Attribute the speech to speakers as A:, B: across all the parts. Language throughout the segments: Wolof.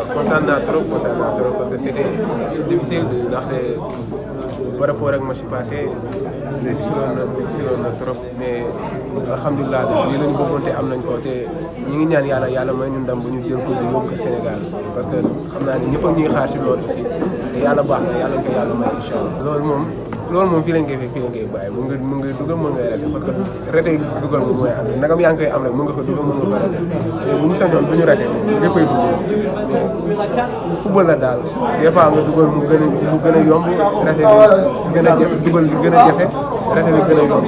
A: waaw kontaan naa trop kontaan naa trop parce que c'était
B: difficile ndaxte ba rapport ak match passé difficiloon na difficiloon na trop mais alhamdulilah lii la ñu bëggoon te am nañ ko te ñi ngi ñaan yàlla yàlla may ñu ndam bu ñu jël ko bi yóbbu ko Sénégal parce que xam naa ne ñëpp ñuy xaar si loolu aussi te yàlla baax na yàlla ko yàlla may incha loolu moom loolu moom fii lañ koy fii lañ koy dugal mën nga rete rete dugal moom mooy am nagam yaa ngi koy am rek mën nga ko dugal mën nga ko rete mais bu ñu sañoon bu ñu rete léppay dugg football la daal des fois nga dugal mu gën a a yomb rete bi a dugal gën a jafe rete bi gën a yomb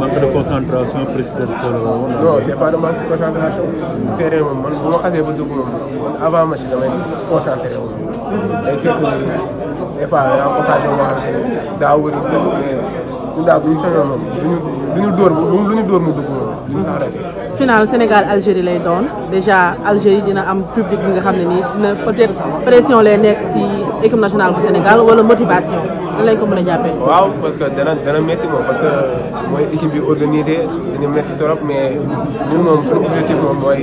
B: manque de concentration prise concentration terrain moom man bu ma xasee ba dugg moom man avant match damay concentré moom
C: day fekk
B: des fois eh, daa wër dëgg mais bu ñu soñoon mu lu ñu dóor mu dugg moom du ñu sax rek.
C: final Sénégal Algérie lay doon déjà Algérie dina am public bi nga xam ne nii dina peut pression lay nekk ci équipe nationale bu Sénégal wala motivation lan lañ ko mën a jàppee.
B: waaw parce que dana dana métti moom parce que mooy équipe bi organisée dina métti trop mais ñun moom suñu objectif moom mooy.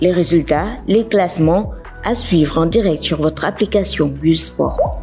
A: les résultats, les classements à suivre en direct sur votre application Bullsport.